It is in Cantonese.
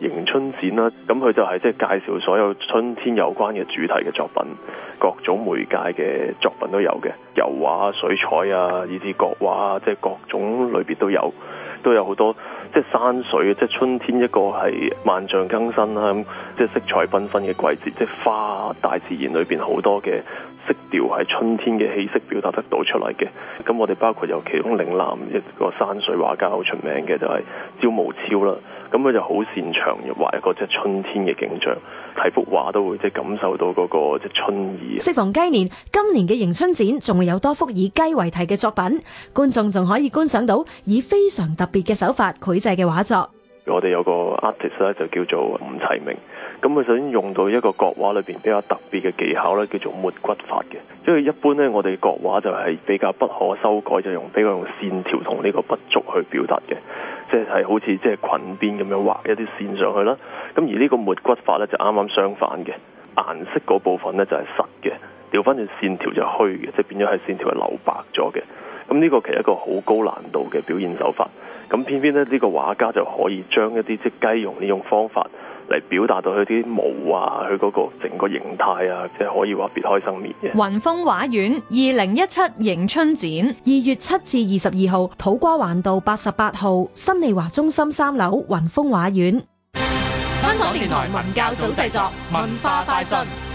迎春展啦，咁佢就係即係介紹所有春天有關嘅主題嘅作品，各種媒介嘅作品都有嘅，油畫、水彩啊，以至國畫，即係各種類別都有，都有好多即係山水，即係春天一個係萬象更新啦，咁，即係色彩繽紛嘅季節，即係花，大自然裏邊好多嘅色調係春天嘅氣息表達得到出嚟嘅。咁我哋包括有其中嶺南一個山水畫家好出名嘅就係招毛超啦。咁佢、嗯、就好擅長嘅畫一個即係春天嘅景象，睇幅畫都會即係感受到嗰個即係春意。適逢雞年，今年嘅迎春展仲會有多幅以雞為題嘅作品，觀眾仲可以觀賞到以非常特別嘅手法繪製嘅畫作。我哋有個 artist 咧，就叫做吳齊明，咁佢首先用到一個國畫裏邊比較特別嘅技巧咧，叫做抹骨法嘅。因為一般咧，我哋國畫就係比較不可修改，就用、是、比較用線條同呢個筆觸去表達嘅。即係好似即係裙邊咁樣畫一啲線上去啦，咁而呢個沒骨法咧就啱啱相反嘅，顏色嗰部分咧就係實嘅，掉翻轉線條就虛嘅，即係變咗係線條係留白咗嘅。咁呢個其實一個好高難度嘅表現手法，咁偏偏咧呢個畫家就可以將一啲即雞用呢種方法。嚟表達到佢啲毛啊，佢嗰個整個形態啊，即係可以話別開生面嘅。雲峰畫苑二零一七迎春展，二月七至二十二號，土瓜灣道八十八號新利華中心三樓雲峰畫苑。香港電台文教組製作文化快訊。